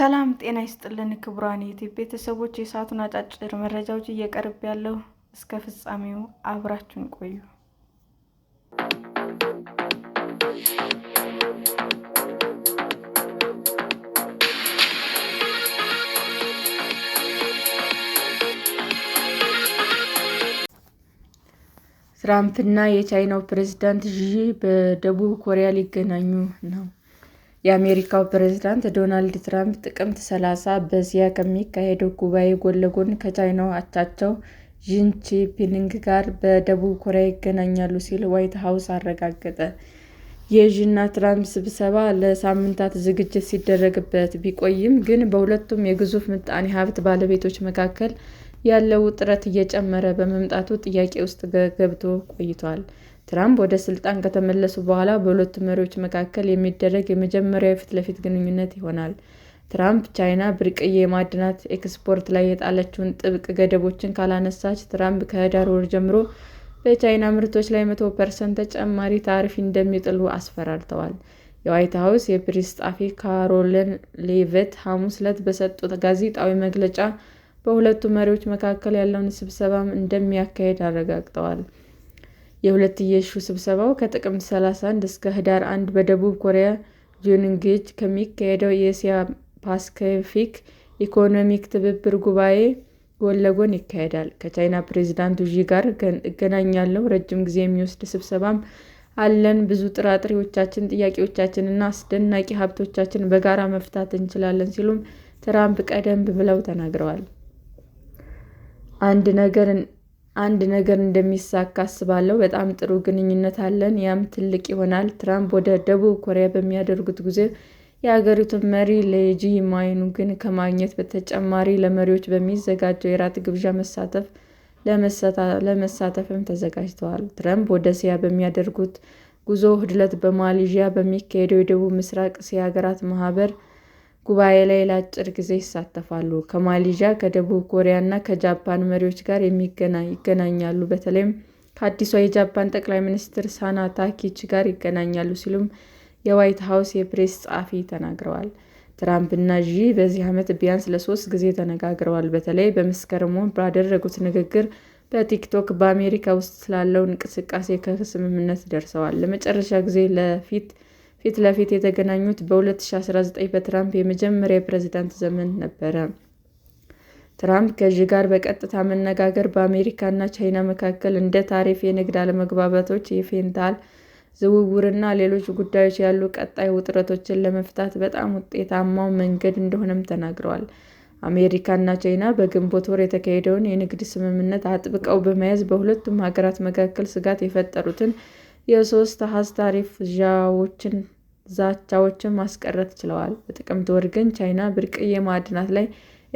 ሰላም ጤና ይስጥልን ክቡራን ዩቲዩብ ቤተሰቦች፣ የሰዓቱን አጫጭር መረጃዎች እየቀርብ ያለው እስከ ፍጻሜው አብራችሁን ቆዩ። ትራምፕና የቻይናው ፕሬዝዳንት ዢ በደቡብ ኮሪያ ሊገናኙ ነው። የአሜሪካው ፕሬዝዳንት ዶናልድ ትራምፕ ጥቅምት ሰላሳ በእስያ ከሚካሄደው ጉባኤ ጎን ለጎን ከቻይናው አቻቸው ፒንግ ጋር በደቡብ ኮሪያ ይገናኛሉ ሲል ዋይት ሀውስ አረጋገጠ። የዢና ትራምፕ ስብሰባ ለሳምንታት ዝግጅት ሲደረግበት ቢቆይም፣ ግን በሁለቱም የግዙፍ ምጣኔ ሀብት ባለቤቶች መካከል ያለው ውጥረት እየጨመረ በመምጣቱ ጥያቄ ውስጥ ገብቶ ቆይቷል። ትራምፕ ወደ ስልጣን ከተመለሱ በኋላ በሁለቱ መሪዎች መካከል የሚደረግ የመጀመሪያው የፊት ለፊት ግንኙነት ይሆናል። ትራምፕ ቻይና ብርቅዬ ማዕድናት ኤክስፖርት ላይ የጣለችውን ጥብቅ ገደቦችን ካላነሳች፣ ትራምፕ ከህዳር ወር ጀምሮ በቻይና ምርቶች ላይ መቶ ፐርሰንት ተጨማሪ ታሪፍ እንደሚጥሉ አስፈራርተዋል። የዋይት ሀውስ የፕሬስ ጸሐፊ ካሮሊን ሌቪት ሐሙስ ዕለት በሰጡት ጋዜጣዊ መግለጫ በሁለቱ መሪዎች መካከል ያለውን ስብሰባም እንደሚያካሂድ አረጋግጠዋል። የሁለትዮሹ ስብሰባው ከጥቅምት 31 እስከ ህዳር 1 በደቡብ ኮሪያ ጆንግጅ ከሚካሄደው የእስያ ፓሲፊክ ኢኮኖሚክ ትብብር ጉባኤ ጎን ለጎን ይካሄዳል። ከቻይና ፕሬዚዳንት ዢ ጋር እገናኛለሁ። ረጅም ጊዜ የሚወስድ ስብሰባም አለን። ብዙ ጥራጥሬዎቻችን፣ ጥያቄዎቻችንና አስደናቂ ሀብቶቻችን በጋራ መፍታት እንችላለን ሲሉም ትራምፕ ቀደም ብለው ተናግረዋል። አንድ ነገር አንድ ነገር እንደሚሳካ አስባለሁ። በጣም ጥሩ ግንኙነት አለን፣ ያም ትልቅ ይሆናል። ትራምፕ ወደ ደቡብ ኮሪያ በሚያደርጉት ጊዜ የሀገሪቱን መሪ ሌጂ ግን ከማግኘት በተጨማሪ ለመሪዎች በሚዘጋጀው የራት ግብዣ መሳተፍ ለመሳተፍም ተዘጋጅተዋል። ትረምፕ ወደ እስያ በሚያደርጉት ጉዞ፣ ህድለት በማሌዥያ በሚካሄደው የደቡብ ምስራቅ እስያ ሀገራት ማህበር ጉባኤ ላይ ለአጭር ጊዜ ይሳተፋሉ። ከማሌዥያ፣ ከደቡብ ኮሪያ እና ከጃፓን መሪዎች ጋር ይገናኛሉ። በተለይም ከአዲሷ የጃፓን ጠቅላይ ሚኒስትር ሳና ታኪች ጋር ይገናኛሉ ሲሉም የዋይት ሀውስ የፕሬስ ጸሐፊ ተናግረዋል። ትራምፕ እና ዢ በዚህ ዓመት ቢያንስ ለሶስት ጊዜ ተነጋግረዋል። በተለይ በመስከረም ባደረጉት ንግግር በቲክቶክ በአሜሪካ ውስጥ ስላለው እንቅስቃሴ ከስምምነት ደርሰዋል። ለመጨረሻ ጊዜ ለፊት ፊት ለፊት የተገናኙት በ2019 በትራምፕ የመጀመሪያ የፕሬዝዳንት ዘመን ነበረ። ትራምፕ ከዢ ጋር በቀጥታ መነጋገር በአሜሪካና ቻይና መካከል እንደ ታሪፍ፣ የንግድ አለመግባባቶች፣ የፌንታል ዝውውርና ሌሎች ጉዳዮች ያሉ ቀጣይ ውጥረቶችን ለመፍታት በጣም ውጤታማው መንገድ እንደሆነም ተናግረዋል። አሜሪካና ቻይና በግንቦት ወር የተካሄደውን የንግድ ስምምነት አጥብቀው በመያዝ በሁለቱም ሀገራት መካከል ስጋት የፈጠሩትን የሶስት አሃዝ ታሪፍ ዛቻዎችን ዛቻዎችን ማስቀረት ችለዋል። በጥቅምት ወር ግን ቻይና ብርቅዬ ማዕድናት ላይ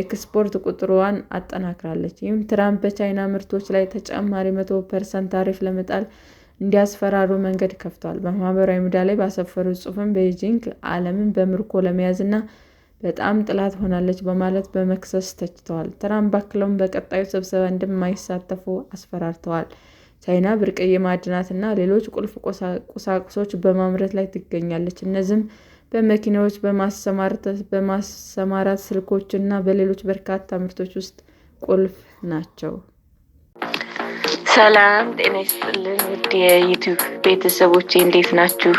ኤክስፖርት ቁጥጥሯን አጠናክራለች። ይህም ትራምፕ በቻይና ምርቶች ላይ ተጨማሪ መቶ ፐርሰንት ታሪፍ ለመጣል እንዲያስፈራሩ መንገድ ከፍቷል። በማህበራዊ ሚዲያ ላይ ባሰፈሩ ጽሑፍም ቤጂንግ ዓለምን በምርኮ ለመያዝና በጣም ጥላት ሆናለች በማለት በመክሰስ ተችተዋል። ትራምፕ አክለውም በቀጣዩ ስብሰባ እንደማይሳተፉ አስፈራርተዋል። ቻይና ብርቅዬ እና ሌሎች ቁልፍ ቁሳቁሶች በማምረት ላይ ትገኛለች። እነዚህም በመኪናዎች፣ በማሰማራት ስልኮች እና በሌሎች በርካታ ምርቶች ውስጥ ቁልፍ ናቸው። ሰላም ጤና ይስጥልን ውድ የዩቱብ ቤተሰቦቼ እንዴት ናችሁ?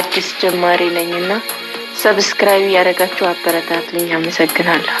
አዲስ ጀማሪ ነኝ እና ሰብስክራይብ ያደረጋችሁ ልኝ አመሰግናለሁ።